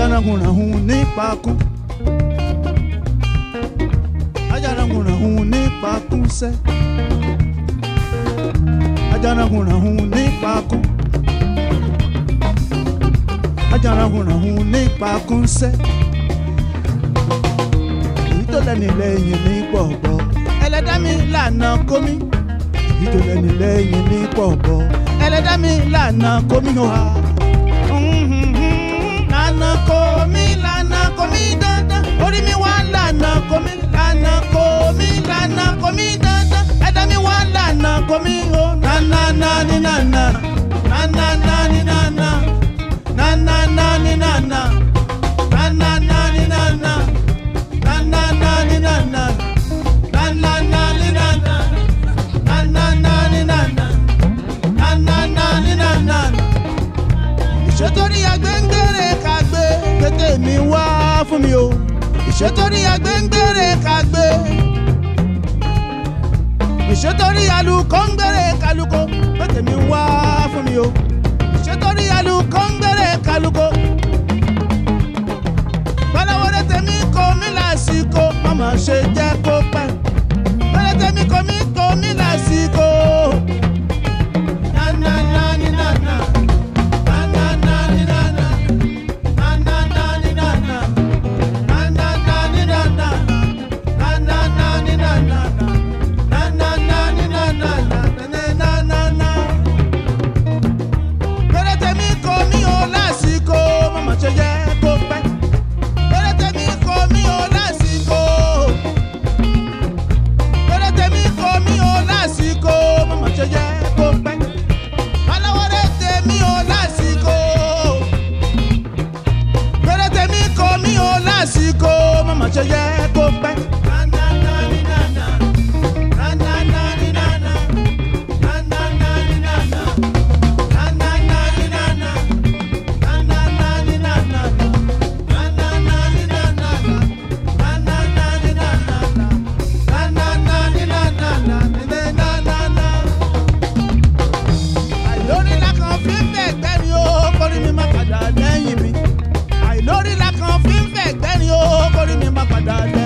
ajarangunrahun nípakú ajarangunrahun nípakúsẹ́ ajarangunrahun nípakú ajarangunrahun nípakúsẹ́ èyí tó lẹ́ni lẹ́yìn ní pọ̀pọ̀ ẹlẹ́dá mi lànà kómi èyí tó lẹ́ni lẹ́yìn ní pọ̀pọ̀ ẹlẹ́dá mi lànà kómi hàn. comí lana, comí dada. ìṣòtórí agbẹ́ngbèrè kàgbé ìṣòtórí alùkọ́ ń gbèrè kálukó pé tèmi wá fún mi o ìṣòtórí alùkọ́ ń gbèrè kálukó bọ́láwọ́lé tèmi kò mí lásìkò mọ́mọ́ ṣe jẹ́. such a yeah. da da